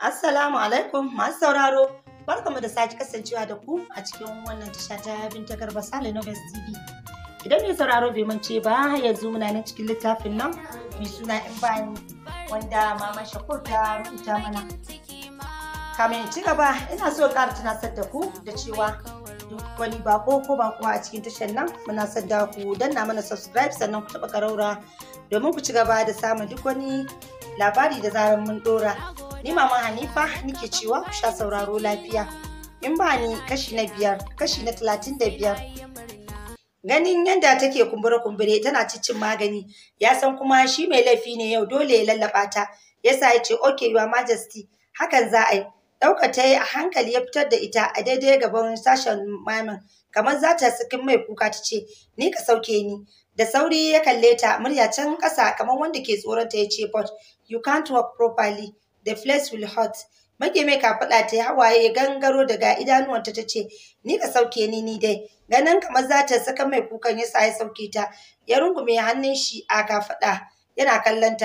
Assalamu alaikum masu sauraro barkamu da sake kasancewa da ku a cikin wannan tasha ta binta garba sale novels tv idan mai sauraro bai mance ba yanzu muna nan cikin littafin nan mai suna in bani wanda mama shakur ta rubuta mana kamin ci gaba ina so ƙara tunasar da ku da cewa duk wani bako ko ba kuwa a cikin tashar nan muna son da ku danna mana subscribe sannan ku taɓa karaura domin ku ci gaba da samun duk wani labari da zarar mun ɗora Ni mama Hanifa nike cewa ku sha sauraro lafiya. In ba ni kashi na biyar, kashi na talatin da biyar. Ganin yadda take kumbure-kumbure tana cicin magani, ya san kuma shi mai laifi ne yau dole ya lallaɓa ta. Yasa ya ce, "Okay, your majesty, hakan za a yi." Ɗauka ta yi a hankali ya fitar da ita a daidai gaban sashen mamin, kamar za ta sakin mai kuka ta ce, "Ni ka sauke ni." Da sauri ya kalle ta murya can ƙasa kamar wanda ke tsoron ta ya ce, "But you can't work properly." the flesh will hurt make kafaɗa ta yi hawaye gangaro daga idanuwanta ta ce ni ka sauke ni ni dai ganin kamar za ta saka mai kukan ya sa ya sauke ta ya rungume hannun shi a kafaɗa yana kallon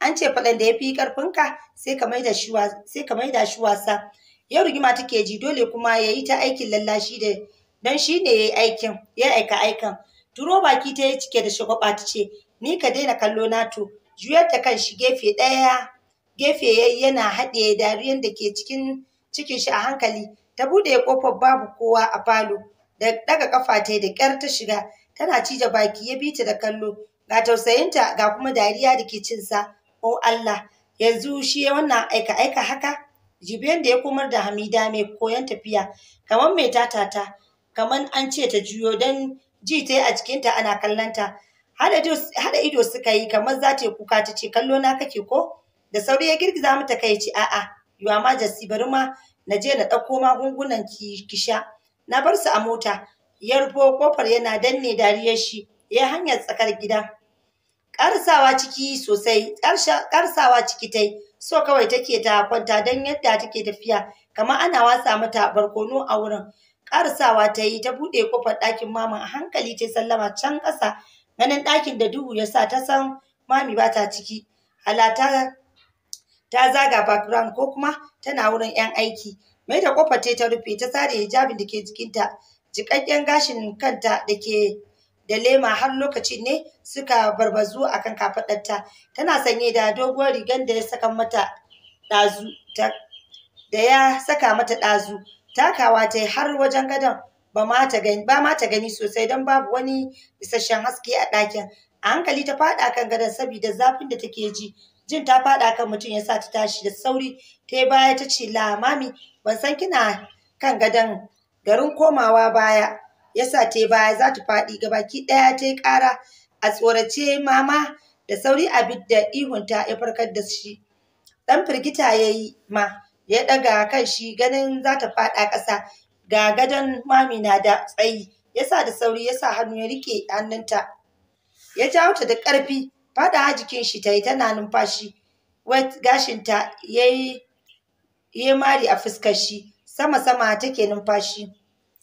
an ce faɗan da ya fi ƙarfinka sai ka maida shi sai ka maida shi wasa yau rigima take ji dole kuma ya yi ta aikin lallashi da don shi ne ya yi aikin ya aika aikan turo baki ta yi cike da shagwaba ta ce ni ka daina kallo na to juyar da kan shi gefe ɗaya gefe yayi yana haɗiye dariyar da ke cikin cikin shi a hankali ta buɗe kofar babu kowa a falo da daga kafa ta da ƙyar ta shiga tana cije baki ya bita da kallo ga tausayinta ga kuma dariya da ke cinsa o Allah yanzu shi wannan aika aika haka jibiyan da ya komar da Hamida mai koyan tafiya kamar mai tata, kamar an ce ta juyo dan ji ta yi a cikinta ana kallonta hada ido suka yi kamar za ta yi kuka ta ce kallo na kake ko da sauri ya girgiza mata kai ce a'a yuwa ma jasi bari ma na je na ɗauko magungunan ki na bar su a mota ya rufo kofar yana danne dariyar shi ya hanyar tsakar gida karsawa ciki sosai karsawa ciki tai so kawai take ta kwanta don yadda take tafiya kamar ana wasa mata barkono a wurin karsawa ta yi ta buɗe kofar ɗakin mama a hankali ta sallama can ƙasa ganin ɗakin da duhu ya sa ta san mami ba ta ciki halata ta zaga background ko kuma tana wurin 'yan aiki mai da kofar ta ta rufe ta sare hijabin da ke jikinta jikakken gashin kanta da ke da lema har lokacin ne suka barbazu akan kan kafaɗarta tana sanye da doguwar rigar da ya saka mata ɗazu da ya saka mata ɗazu takawa ta har wajen gadon ba ma ta gani ba ma ta gani sosai don babu wani isasshen haske a ɗakin a hankali ta faɗa kan gadon saboda zafin da take ji jin ta faɗa kan mutum ya sa ta tashi da sauri ta baya ta ce la mami ban san kina kan gadon garin komawa baya ya sa ta baya za ta faɗi gabaki ɗaya ta yi ƙara a tsorace mama da sauri abin da ihunta ya farkar da shi ɗan firgita ya yi ma ya ɗaga kan shi ganin za ta faɗa ƙasa ga gadon mami na da tsayi ya sa da sauri ya sa hannu ya riƙe hannunta ya jawo ta da ƙarfi fada a jikin shi ta yi tana numfashi gashinta ya yi mari a fuskar shi sama-sama take numfashi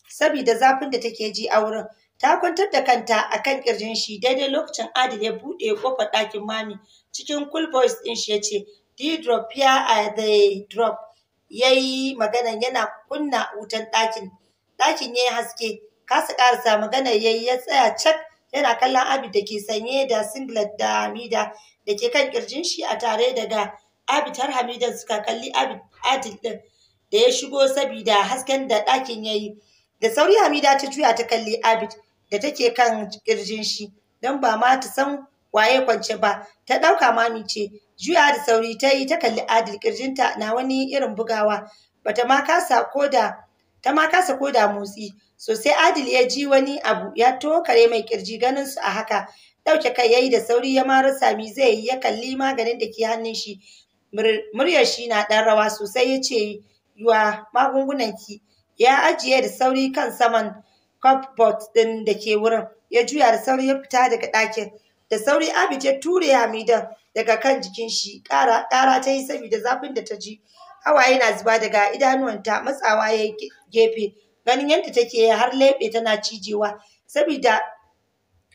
saboda zafin da take ji a wurin ta kwantar da kanta a kan ƙirjin shi daidai lokacin adil ya buɗe ƙofar ɗakin mami cikin cool voice ɗin shi ya ce d drop here a the drop ya yi maganan yana kunna wutan ɗakin ɗakin ya yi haske kasa ƙarasa magana ya yi ya tsaya cak yana kallon Abid da ke sanye da singlet da Hamida da ke kan kirjin shi a tare daga Abid har Hamida suka kalli Abid Adil din da ya shigo saboda hasken da ɗakin ya yi. Da sauri Hamida ta juya ta kalli Abid da take kan kirjin shi don ba ma ta san waye kwance ba ta ɗauka mami ce juya da sauri ta yi ta kalli Adil kirjinta na wani irin bugawa bata ma kasa ko da ta ma kasa ko da motsi sosai adil ya ji wani abu ya tokare mai kirji ganin su a haka ɗauke kai yayi da sauri ya ma rasa mi zai yi ya kalli maganin da ke hannun shi muryar shi na ɗan rawa sosai ya ce wa magungunan ki ya ajiye da sauri kan saman cupboard din da ke wurin ya juya da sauri ya fita daga ɗakin da sauri abid ya ture hamidan daga kan jikin shi ƙara ƙara ta yi saboda zafin da ta ji hawaye na zuba daga idanuwanta matsawa ya gefe ganin yadda take har lebe tana cijewa saboda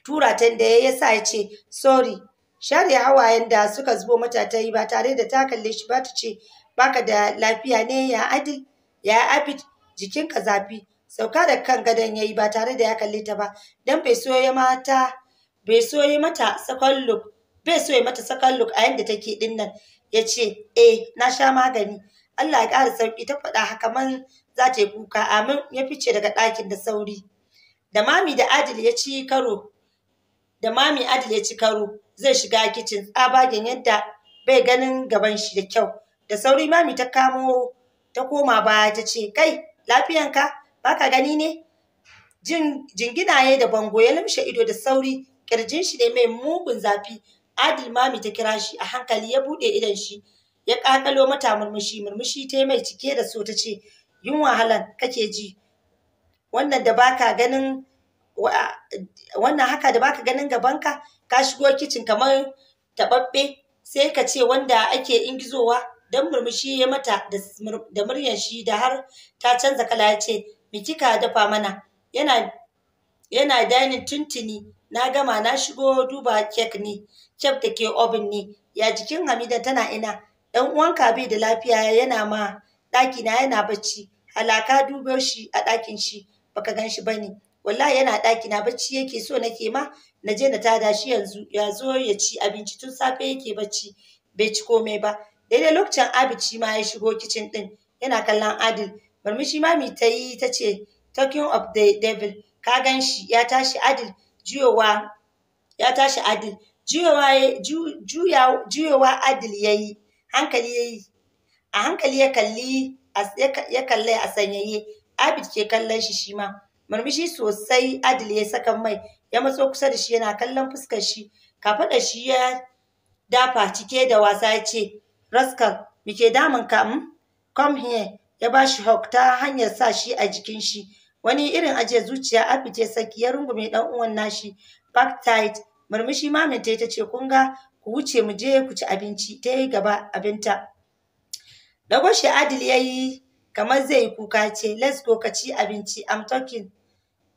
tura ta da ya sa ya ce sorry share hawayen da suka zubo mata ta yi ba tare da ta kalle shi ba ta ce baka da lafiya ne ya adil ya abid jikinka zafi sauka da kan gadon ya yi ba tare da ya kalle ta ba don bai so ya mata bai so ya mata sakon look bai so ya mata sakon look a yadda take din nan ya ce eh na sha magani Allah ya ƙara sauƙi ta faɗa haka man za ta yi kuka amin ya fice daga ɗakin da sauri da mami da adil ya ci karo da mami adil ya ci karo zai shiga kicin tsabagen yadda bai ganin gaban shi da kyau da sauri mami ta kamo ta koma baya ta ce kai lafiyanka baka gani ne jingina ne da bango ya lumshe ido da sauri kirjin shi ne mai mugun zafi adil mami ta kira shi a hankali ya buɗe idon shi ya ƙaƙalo mata murmushi murmushi ta mai cike da so ta ce yin wahalan kake ji wannan da baka ganin wannan haka da baka ganin gabanka ka shigo kicin kamar taɓaɓɓe sai ka ce wanda ake ingizowa don murmushi ya mata da muryar shi da har ta canza kala ya ce mi kika dafa mana yana yana dainin tuntuni na gama na shigo duba kek ne kek da ke obin ne ya jikin hamida tana ina ɗan uwanka bai da lafiya yana ma ɗaki na yana bacci halaka dubo shi a ɗakin shi baka gan shi bane wallahi yana ɗaki na bacci yake so nake ma na je na tada shi yanzu ya zo ya ci abinci tun safe yake bacci bai ci komai ba daidai lokacin abici ma ya shigo kicin ɗin yana kallon adil murmushi mami ta yi ta ce talking of the devil ka gan shi ya tashi adil juyowa ya tashi adil juyowa juyowa adil ya hankali ya yi a hankali ya kalli ya kalle a sanyaye abid ke kallon shi shi ma murmushi sosai adil ya saka mai ya matso kusa da shi yana kallon fuskar shi kafaɗa shi ya dafa cike da wasa ya ce raskal mi ke damun ka hmm? come here ya ba shi hawk ta hanyar sa shi a jikin shi wani irin ajiye zuciya abid ya saki ya rungume dan uwan nashi back tight murmushi maminta ta ce kun ga ku wuce mu je ku ci abinci ta yi gaba abinta dago shi adil ya yi kamar zai yi kuka ce let's go ka ci abinci i'm talking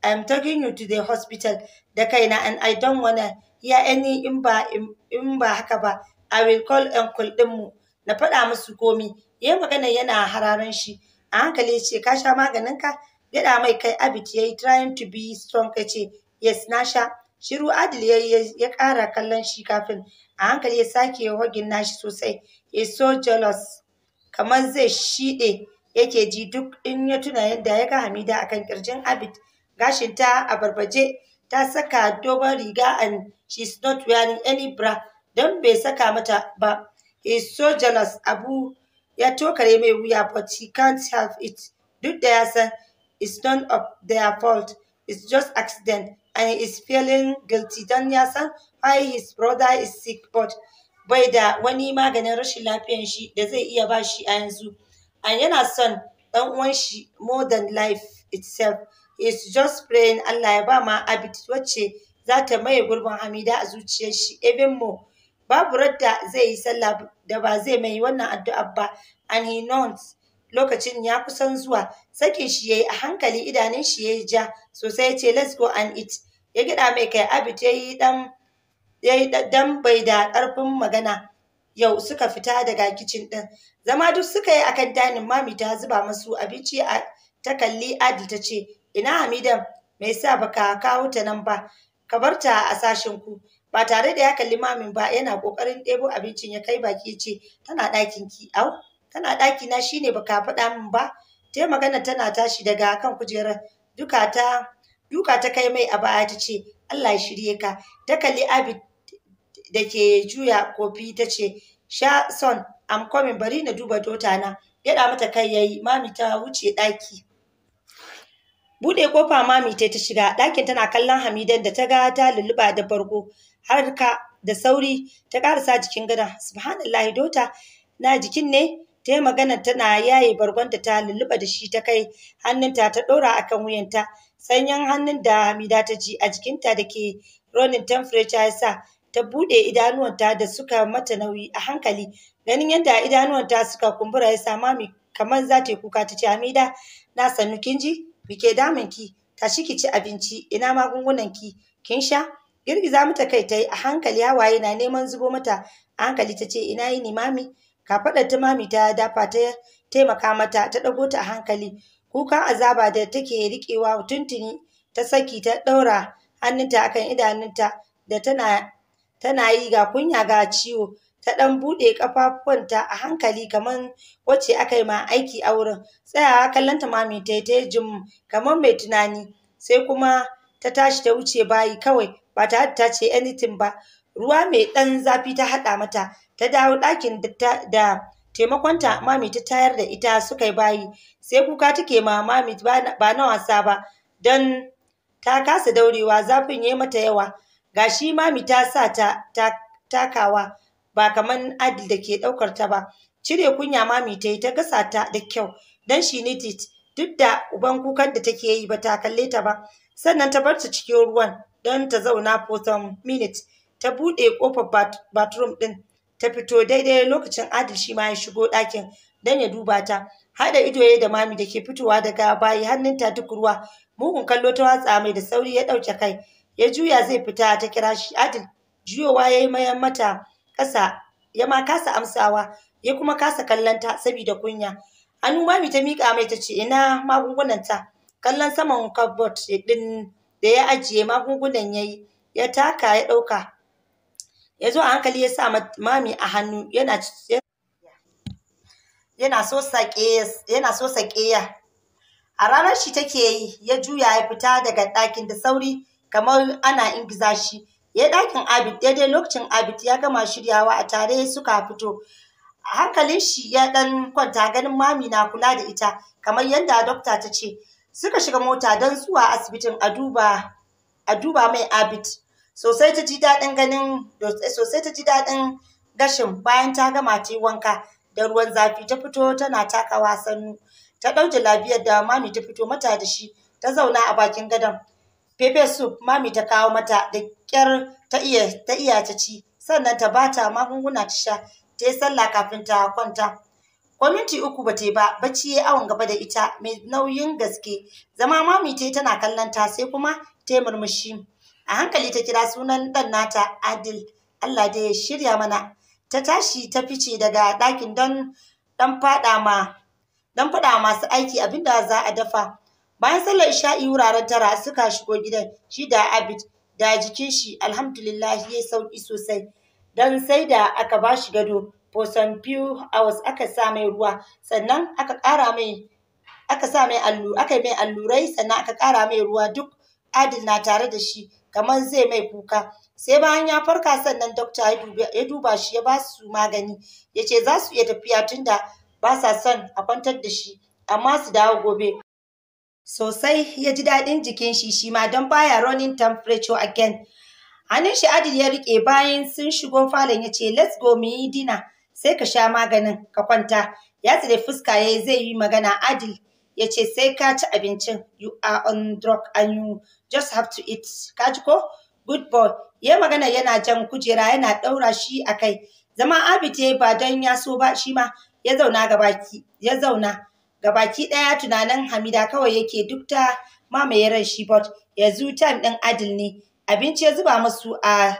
i'm talking you to the hospital da kaina and i don't wanna hear any in ba in ba haka ba i will call uncle dinmu na faɗa musu komi yayi magana yana hararan shi a hankali ce ka sha maganinka gyaɗa mai kai abit ya yi trying to be strong ya ce yes na sha shiru adil ya ya ƙara kallon shi kafin a hankali ya sake hogin nashi sosai ya so jealous kamar zai shiɗe yake ji duk in ya tuna yadda ya ga hamida akan kirjin abid gashin ta a barbaje ta saka dogon riga and she's not wearing any bra don bai saka mata ba he so jealous abu ya tokare mai wuya but he can't help it duk da ya san it's none of their fault it's just accident and is feeling guilty don ya san why his brother is sick but bai da wani maganin rashin lafiyan shi da zai iya ba shi a yanzu and yana son dan uwan shi more than life itself is just praying Allah ya ba ma abit wacce za ta maye gurbin Hamida a zuciyar shi even more babu radda zai yi sallah da ba zai mai wannan addu'a ba and he knows lokacin ya kusan zuwa sakin shi yayi a hankali idanun shi yayi ja sosai ya ce let's go and eat ya gida mai kai abit yayi dan yayi dan bai da karfin magana yau suka fita daga kicin din zama duk suka yi akan dining mami ta zuba masu abinci a ta kalli Adi ta ce ina Hamidan me yasa baka kawo ta nan ba ka bar ta a sashin ku ba tare da ya kalli mamin ba yana kokarin ɗebo abincin ya kai baki ce tana ɗakin ki au Tana ɗaki na shine baka faɗa min ba tai magana tana tashi daga kan kujerar duka ta duka ta kai mai a baya ta ce Allah ya shirye ka ta kalli abi da ke juya kofi ta ce sha son am coming bari na duba dota na gyaɗa mata kai yayi mami ta wuce ɗaki buɗe kofa mami ta ta shiga ɗakin tana kallon hamidan da ta ga ta lulluɓa da bargo Harka da sauri ta ƙarasa jikin gada subhanallahi dota na jikin ne ta yi magana tana yaye bargonta ta lulluɓa da shi ta kai hannunta ta ɗora a kan wuyanta sanyin hannun da hamida ta ji a jikinta da ke ronin temperature ya sa ta buɗe idanuwanta da suka mata nauyi a hankali ganin yadda idanuwanta suka kumbura ya sa mami kamar za ta yi kuka ta ce hamida na sannu kin ji me ke damun ki tashi ki ci abinci ina magungunan ki kin sha girgiza mata kai ta yi a hankali hawaye na neman zubo mata a hankali ta ce ina yini mami kafaɗar ta mami ta dafa ta taimaka mata ta ɗago ta a hankali kukan azaba da take riƙewa tuntuni ta saki ta ɗaura hannunta akan idanunta da tana tana yi ga kunya ga ciwo ta ɗan buɗe ƙafafuwanta a hankali kamar wacce aka yi ma aiki a wurin tsayawa kallonta mami ta yi jim kamar mai tunani sai kuma ta tashi ta wuce bayi kawai ba tare da ta ce anything ba ruwa mai ɗan zafi ta haɗa mata ta dawo ɗakin da taimakonta mami ta tayar da ita suka yi bayi sai kuka take ma mami ba na wasa ba don ta kasa daurewa zafin ya mata yawa ga shi mami ta sa ta takawa ba kaman adil da ke ɗaukar ta ba cire kunya mami ta yi ta gasa ta da kyau don shi nitit duk da uban kukan da take yi ba ta kalle ta ba sannan ta bar ta cikin ruwan don ta zauna for some minutes ta buɗe ƙofar bathroom ɗin ta fito daidai lokacin adil shi ma ya shigo ɗakin don ya duba ta haɗa ido ya da mami da ke fitowa daga bayi hannun ta duk ruwa mugun kallo ta watsa mai da sauri ya ɗauke kai ya juya zai fita ta kira shi adil juyowa ya yi mayan mata ƙasa ya ma kasa amsawa ya kuma kasa kallon ta sabida kunya hannu mami ta miƙa mai ta ce ina magungunan ta? kallon saman cupboard ɗin da ya ajiye magungunan ya yi ya taka ya ɗauka ya zo a hankali ya sa mami a hannu yana yana so sake ya a ranar shi take yi ya juya ya fita daga ɗakin da sauri kamar ana ingiza shi ya ɗakin abid daidai lokacin abid ya gama shiryawa a tare suka fito hankalin shi ya ɗan kwanta ganin mami na kula da ita kamar yadda dokta ta ce suka shiga mota don zuwa asibitin a duba mai abid sosai ta ji daɗin ganin sosai ta ji daɗin gashin bayan ta gama ta yi wanka da ruwan zafi ta fito tana takawa sannu ta ɗau lafiyar da mami ta fito mata da shi ta zauna a bakin gadon pepe soup mami ta kawo mata da ƙyar ta iya ta iya ta ci sannan ta bata magunguna ta sha ta yi sallah kafin ta kwanta ko minti uku ba ta yi ba bacci ya awon gaba da ita mai nauyin gaske zama mami ta yi tana kallon sai kuma ta yi murmushi a hankali ta kira sunan ɗan nata adil allah da ya shirya mana ta tashi ta fice daga ɗakin don ɗan faɗa ma masu aiki abinda za a dafa bayan sallar isha'i wuraren tara suka shigo gidan shi da abid da jikin shi alhamdulillah ya sauki sosai don sai da aka ba shi gado for some few hours aka sa mai ruwa sannan aka ƙara mai aka sa mai mai allurai sannan aka ƙara mai ruwa duk Adil na tare da shi kamar zai mai kuka. Sai bayan ya farka sannan dokta ya duba shi ya ba su magani. Ya ce za su iya tafiya tunda ba sa son a kwantar da shi amma su dawo gobe. Sosai ya ji daɗin jikin shi shi ma don baya running temperature again. Hannun shi Adil ya riƙe bayan sun shigo falon ya ce let's go mu yi dina sai ka sha maganin ka kwanta. Ya tsire fuska ya zai yi magana Adil ya ce sai ka ci abincin you are on drug and you just have to eat ka ji ko good boy ya magana yana jan kujera yana ɗaura shi a kai zama abite ba don ya so ba shi ma ya zauna gabaki ya zauna gabaki ɗaya tunanin hamida kawai yake duk ta mamaye ran shi bot yanzu time ɗin adil ne abinci ya zuba musu a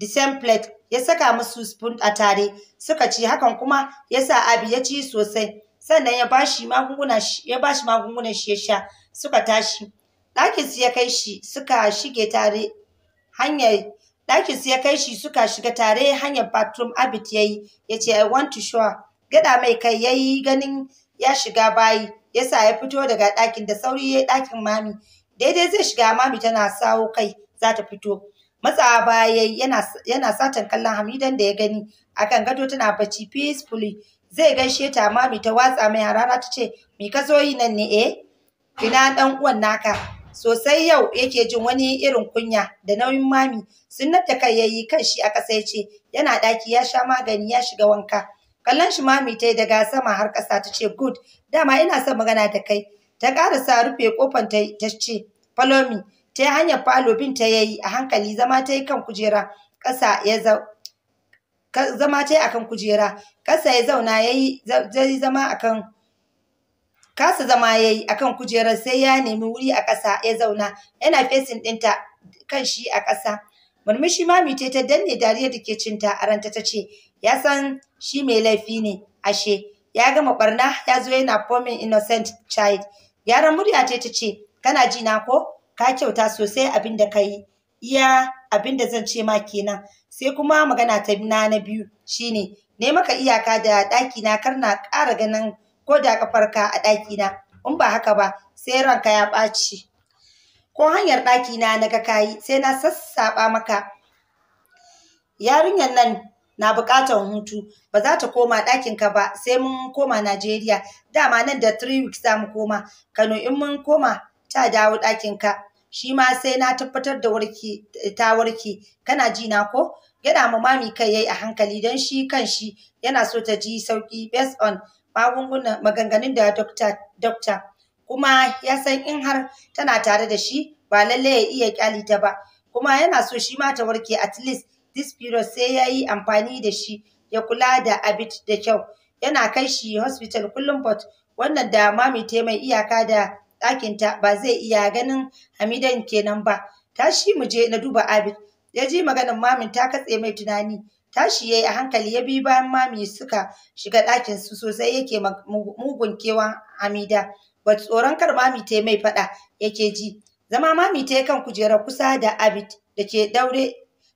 the plate ya saka musu spoon a tare suka ci hakan kuma ya sa abi ya ci sosai sannan ya bashi magunguna ya bashi magungunan shi ya sha suka tashi ɗakin su ya kai shi suka shige tare hanyar ɗakin su ya kai shi suka shiga tare hanyar bathroom abit yayi yace i want to show. gada mai kai yayi ganin ya shiga bayi yasa ya fito daga ɗakin da sauri ya ɗakin mami daidai zai shiga mami tana sawo kai za ta fito matsawa baya yana yana satan kallon hamidan da ya gani akan gado tana bacci peacefully zai gaishe ta mami ta watsa mai harara ta ce mi ka zo yi nan ne e ina dan uwan naka sosai yau yake jin wani irin kunya da nauyin mami sunnata kai yayi kan shi aka sai ce yana daki ya sha magani ya shiga wanka kallon shi mami ta yi daga sama har kasa ta ce good dama ina son magana da kai ta sa rufe kofan ta ta ce follow me ta hanyar falo bin ta yayi a hankali zama ta yi kan kujera ƙasa ya zama ce akan kujera kasa ya zauna yayi yi zama akan kasa zama yayi akan kujerar sai ya nemi wuri a ƙasa ya zauna yana fesin ɗinta kan shi a ƙasa murmushi mami ta danne dariya da ke cinta a ta ce ya san shi mai laifi ne ashe ya gama barna ya zo yana forming innocent child gyaran murya ta ta ce kana ji na ko ka kyauta sosai abin da ka yi iya abin da zan ce ma kenan sai kuma magana ta na na biyu shine ne maka iyaka da ɗaki na kar na ƙara ganin ko da kafarka a ɗaki na in ba haka ba sai ranka ya ɓaci ko hanyar ɗaki na naga kayi sai na sassaɓa maka yarinyar nan na buƙatar hutu ba za ta koma ɗakin ka ba sai mun koma Najeriya dama nan da 3 weeks za mu koma Kano in mun koma ta dawo ɗakin ka shi ma sai na tabbatar da warki ta warki kana ji na ko gyada ma mami kai yayi a hankali don shi kan shi yana so ta ji sauki based on magungunan maganganun da doctor kuma ya san in har tana tare da shi ba lalle ya iya kyali ta ba kuma yana so shi ma ta warke at least this period sai yayi amfani da shi ya kula da abit da kyau yana kai shi hospital kullum but wannan da mami ta mai iyaka da ɗakinta ba zai iya ganin hamidan kenan ba tashi mu je na duba abid ya ji maganin mamin ta katse mai tunani tashi yayi a hankali ya bi bayan mami suka shiga ɗakin su sosai yake mugun kewan hamida ba tsoron kar mami ta mai faɗa yake ji zama mami ta kan kujerar kusa da abid da ke daure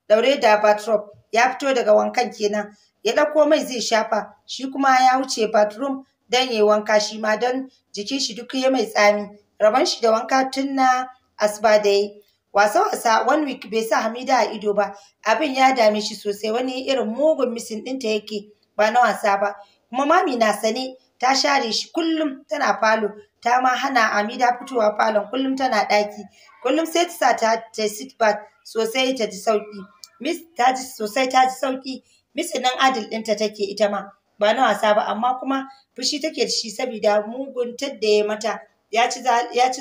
daure da bathroom ya fito daga wankan kenan ya ɗauko mai zai shafa shi kuma ya wuce bathroom dan yayi wanka shi ma don jikin shi duk ya mai tsami rabon shi da wanka tun na asuba da yayi wasa wasa one week bai sa Hamida a ido ba abin ya dame shi sosai wani irin mugun misin ɗinta yake ba na wasa ba kuma mami na sane ta share shi kullum tana falo ta ma hana Amida fitowa falon kullum tana ɗaki kullum sai ta sa ta ta sit bath sosai ta ji sauki miss ta ji sosai ta ji sauki misinin adil ɗinta take ita ma ba na wasa ba amma kuma fushi take da shi saboda mugun da ya mata ya ci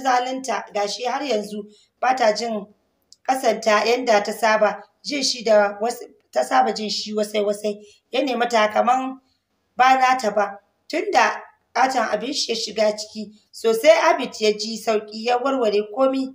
zalunta gashi har yanzu ba ta jin kasanta yadda ta saba jin shi da ta saba jin shi wasai wasai ya nemi ta kaman ba na ta ba tunda katon abin shi ya shiga ciki sosai abit ya ji sauki ya warware komi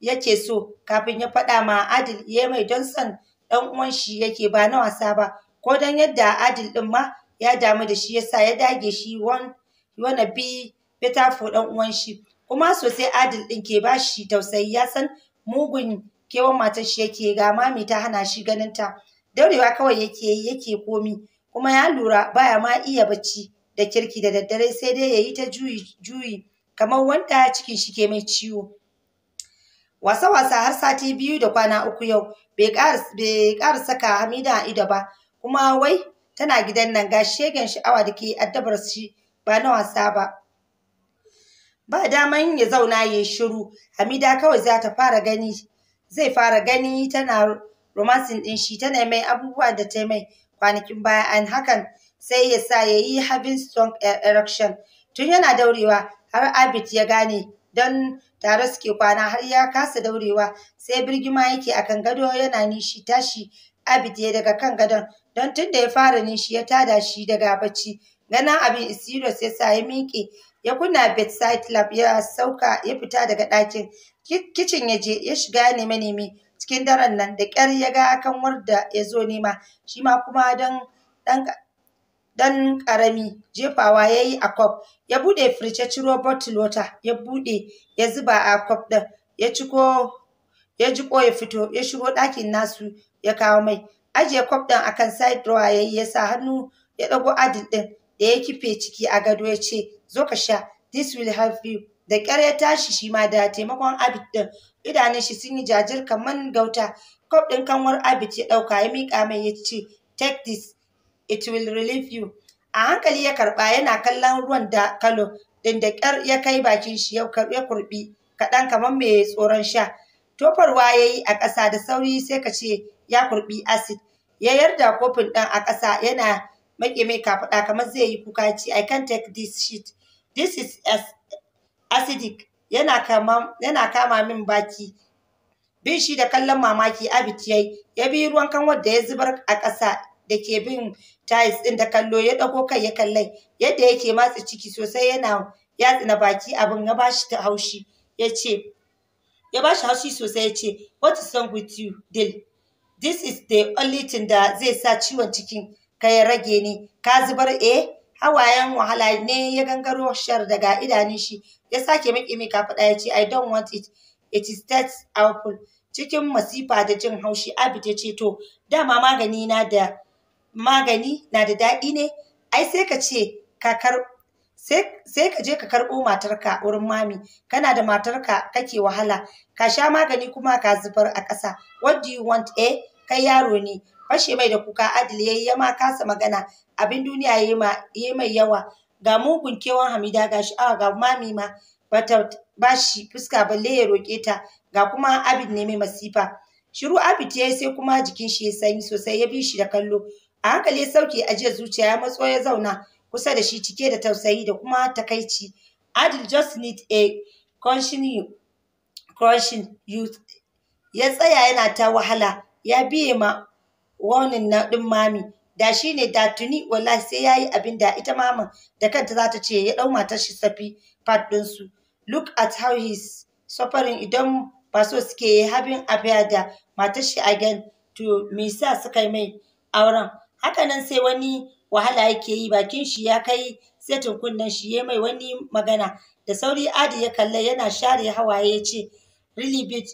yake so kafin ya faɗa ma adil ya mai don son ɗan uwan shi yake ba na wasa ba ko don yadda adil ɗin ma ya damu da shi yasa ya dage shi wanna bi fita dan uwan shi kuma sosai adil din ke ba shi tausayi ya san mugun kewan matar shi yake ga mami ta hana shi ganin ta daurewa kawai yake yake komi kuma ya lura baya ma iya bacci da kirki da daddare sai dai yayi ta juyi juyi kamar wanda cikin shi ke mai ciwo wasa wasa har sati biyu da kwana uku yau bai ƙara saka Hamida a ido ba kuma wai tana gidan nan ga shegen sha'awa da ke addabar shi ba na wasa ba ba daman ya zauna ya yi shiru hamida kawai za ta fara gani zai fara gani tana romancing din shi tana mai abubuwa da ta mai kwanakin baya an hakan sai ya sa ya yi having strong e, erection tun yana daurewa har abit ya gane don tare suke kwana har ya kasa daurewa sai birgima yake akan gado yana nishi tashi Abid ya daga kan gadon don tun da ya fara nishi ya tada shi daga bacci ganin abin isiro ya sa ya miƙe ya kunna bedside lab, ya sauka ya fita daga ɗakin kicin ya je ya shiga neme neme cikin daren nan da kyar ya ga kanwar da ya zo nema shi ma kuma don karami jefawa ya yi a kwaf ya buɗe firceciro, ya ciro bottle ya bude ya zuba a kwaf ɗin, ya ciko jiko ya fito ya shigo ɗakin nasu ya kawo mai ajiye kwaf ɗin akan side drawer yayi ya sa hannu ya ɗago adin ɗin da ya kife ciki a gado ya ce zo ka sha this will help you da ƙyar ya tashi shi ma da taimakon abid ɗin idanun shi sun yi jajir kamar gauta kwaf ɗin kanwar abid ya ɗauka ya miƙa mai ya ce take this it will relieve you a hankali ya karɓa yana kallon ruwan da kalo ɗin da ƙyar ya kai bakin shi ya kurɓi kaɗan kamar mai tsoron sha tofarwa ya yi a ƙasa da sauri sai ka ce ya kurɓi acid ya yarda kofin ɗin a ƙasa yana maƙe mai kafaɗa kamar zai yi kuka ce I can take this shit this is acidic yana kama yana kama min baki bin shi da kallon mamaki abit yayi ya bi ruwan kanwar da ya zubar a ƙasa da ke bin tiles ɗin da kallo ya ɗago kai ya kalle yadda yake matsa ciki sosai yana ya na baki abin ya bashi ta haushi ya ya bashi haushi sosai ya ce what is wrong with you Dil? this is the only thing da zai sa ciwon cikin ka ya rage ni ka zubar eh hawayen wahala ne ya gangaro shar daga idanun shi ya sake miƙe mai kafaɗa ya ce i don't want it it is that awful cikin masifa da jin haushi abi ta ce to dama magani na da magani na da daɗi ne ai sai ka ce kakar sai ka je ka karɓo matarka wurin mami kana da matarka kake wahala ka sha magani kuma ka zubar a ƙasa what do you want eh kai yaro ne fashe mai da kuka adil yayi ya ma kasa magana abin duniya yayi mai yawa ga mugun kewan hamida ga sha'awa ah, ga mami ma bata bashi fuska balle ya roke ta ga kuma abin ne mai masifa shiru abit yayi sai kuma jikin shi ya sanyi sosai ya bi shi da kallo a hankali ya sauke ajiyar zuciya ya matso ya zauna kusa da shi cike da tausayi da kuma takaici adil just need a crushing crushing youth ya tsaya yana ta wahala ya biye ma warning na ɗin mami da shi ne da tuni wallahi sai ya yi abin da ita maman da kanta za ta ce ya ɗau matar shi safi part ɗinsu look at how he's suffering idan ba so suke yi having affair da matar shi again to me sa suka yi mai auren Haka nan sai wani wahala yake yi bakin shi ya kai setin kunnen shi ya mai wani magana da sauri adi ya kalla yana share hawaye ya ce really bit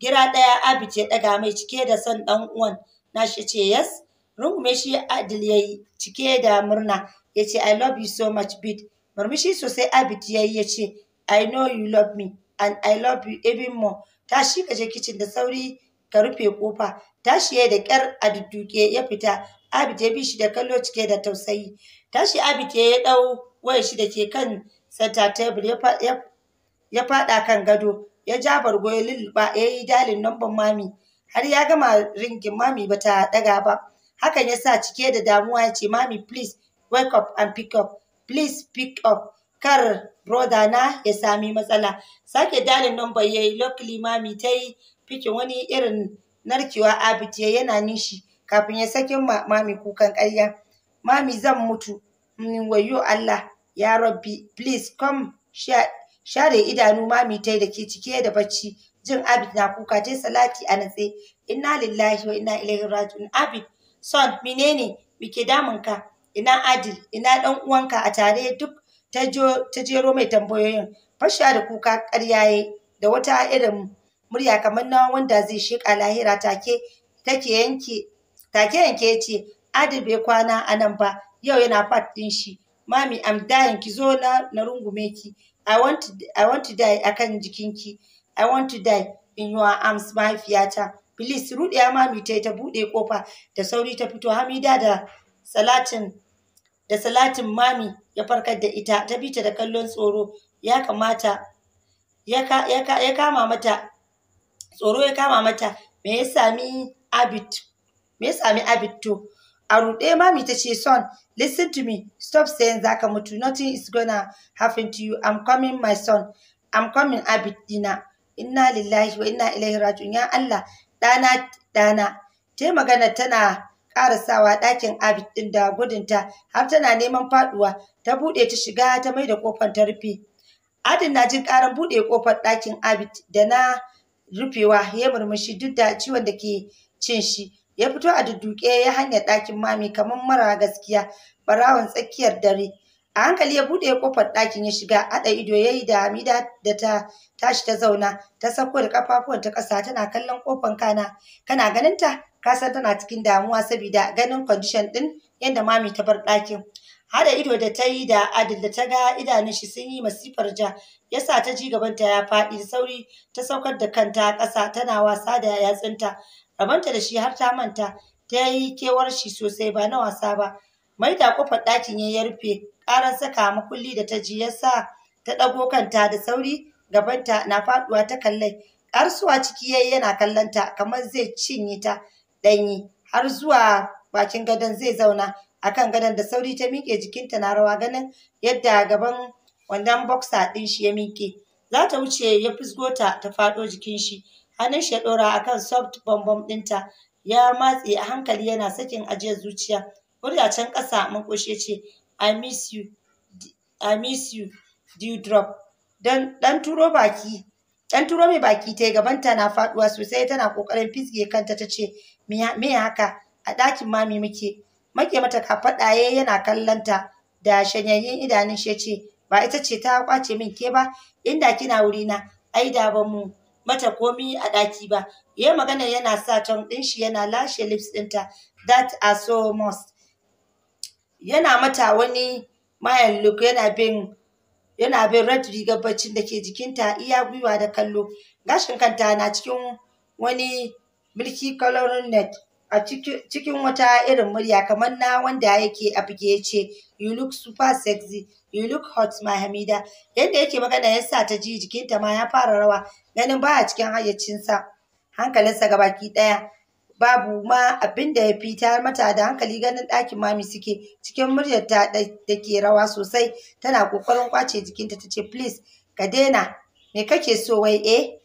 gira ɗaya abit ya ɗaga mai cike da son ɗan uwan nashi ce yes rungume shi adil ya cike da murna ya ce i love you so much bit murmushi sosai abit ya yi ya ce i know you love me and i love you even more ta ka je kicin da sauri ka rufe kofa tashi ya da kyar a dudduke ya fita Abid ya bi shi da kallo cike da tausayi. Tashi Abid ya dau waye shi da ke kan santa tebur ya fada kan gado ya ja bargo ya lulluɓa ya yi dalin namban mami har ya gama ringin mami ba ta ɗaga ba hakan ya sa cike da damuwa ya ce mami please wake up and pick up please pick up kar brother na ya sami matsala sake dalin namban ya yi luckily mami ta yi fikin wani irin narkewa abit yana nishi kafin ya sakin mami kukan ƙarya mami zan mutu min wayo Allah ya rabbi please come share idanu mami tai da ke cike da bacci jin abid na kuka tai salati a natse inna lillahi wa inna ilaihi raji'un abid son menene muke damun ka ina adil ina dan uwanka a tare duk ta jero mai tambayoyin fasha da kuka ƙaryaye da wata irin murya kamar na wanda zai sheƙa lahira take take yanke take yanke ce adi bai kwana a nan ba yau yana fat din shi mami am dying ki zo na na rungume ki i want to, i want to die akan jikinki i want to die in your arms mahaifiyata Bilis ya mami ta ta bude kofa da sauri ta fito Hamida da salatin da salatin mami ya farkar da ita ta bi ta da kallon tsoro ya kamata ya, ya, ya kama mata tsoro ya kama mata me ya sami abit me ya sami abid to a ruɗe mami ta ce son listen to me stop saying zaka mutu nothing is gonna happen to you i'm coming my son i'm coming abid dina inna lillahi wa inna ilaihi raji'un ya allah dana dana te magana tana karasawa ɗakin abid ɗin da gudunta har tana neman faduwa ta buɗe ta shiga ta mai da kofar ta rufe adin na jin karan buɗe kofar ɗakin abid da na rufewa ya murmushi duk da ciwon da ke cin shi ya fito a dudduke ya hanyar ɗakin mami kamar mara gaskiya barawon tsakiyar dare a hankali ya buɗe kofar ɗakin ya shiga haɗa ido ya yi da hamida da ta tashi ta zauna ta sauko da kafafuwan ta ƙasa tana kallon kofar kana kana ganin ta san tana cikin damuwa saboda ganin kwandishan ɗin yadda mami ta bar ɗakin haɗa ido da ta yi da adil da ta ga idanun shi sun yi masifar ja Ya sa ta ji gabanta ya faɗi sauri ta saukar da kanta ƙasa tana wasa da yatsunta rabanta da shi har ta manta ta yi kewar shi sosai ba na wasa ba mai da kofar ɗakin ya rufe ƙarar saka makulli da ta ji ya sa ta ɗago kanta da sauri gabanta na faɗuwa ta kallai suwa ciki yayi yana kallonta kamar zai cinye ta ɗanyi har zuwa bakin gadon zai zauna akan gadon da sauri ta miƙe jikinta na rawa ganin yadda gaban wannan boxer ɗin shi ya miƙe za ta wuce ya fisgo ta ta faɗo jikin shi hannun shi ya ɗora a kan soft bombom ɗinta ya matse a hankali yana sakin ajiyar zuciya murya can ƙasa makoshe ce i miss you i dew drop dan dan turo baki dan turo mai baki ta gabanta na faɗuwa sosai tana kokarin fisge kanta ta ce me haka a ɗakin mami muke make mata kafaɗaye yana kallanta da shanyayyen idanun shi ce ba ita ce ta kwace min ke ba inda kina wurina ai da ba mu mata komi a ɗaki ba ya magana yana sa ton ɗin shi yana lashe lips ɗinta that are so must yana mata wani mayan look yana bin yana bin red rigar baccin da ke jikinta iya gwiwa da kallo gashin kanta na cikin wani milky coloring net a cikin wata irin murya kamar na wanda yake a buge ya ce you look super sexy you look hot ma, hamida yadda yake magana ya sa ta ji jikinta ma ya fara rawa ganin ba a cikin hayyacinsa hankalinsa ga baki ɗaya babu ma abin da ya fi mata da hankali ganin ɗakin mami suke cikin muryar ta da ke rawa sosai tana kokarin kwace jikinta ta ce please ka daina me kake so wai eh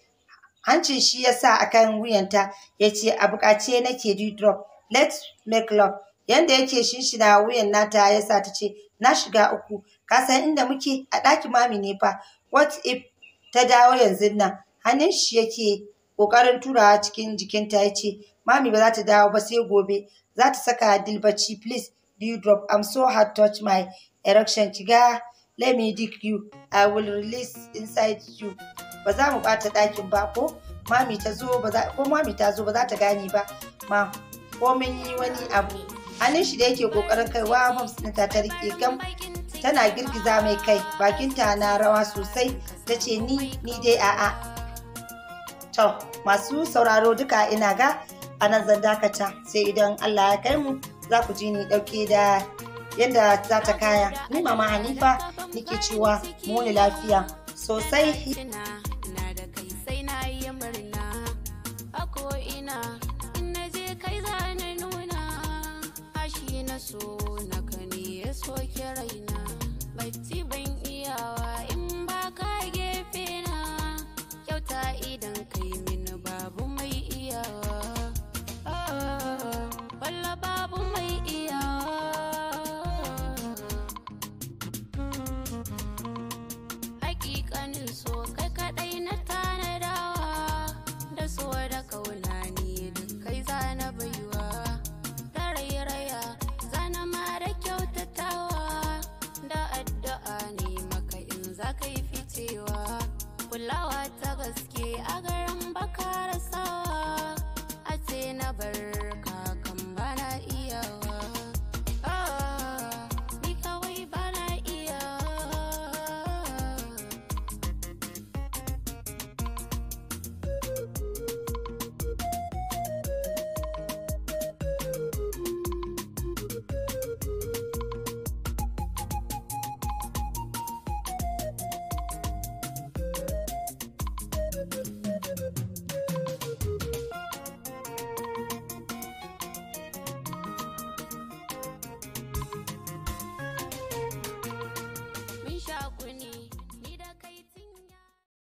hancin shi ya sa a kan wuyanta ya ce a bukace nake drop let's make love yanda yake shinshina wuyan nata ya sa ta ce na shiga uku ka inda muke a ɗakin mami ne fa what if ta dawo yanzu nan hannun shi yake kokarin turawa cikin jikinta ya ce mami ba za ta dawo ba sai gobe za ta saka dilbaci please drop i'm so hard touch my erection kiga let me dig you i will release inside you ba za mu bata ɗakin ba ko mami ta zo ba za ko mami ta zo ba za ta gane ba ma ko mun yi wani abu hannun shi da yake kokarin kaiwa mams din ta rike gam tana girgiza mai kai bakin ta na rawa sosai ta ce ni ni dai a. to masu sauraro duka ina ga a nan zan dakata sai idan Allah ya kai mu za ku ji ni dauke da yadda za ta kaya ni mama hanifa nike cewa mu lafiya sosai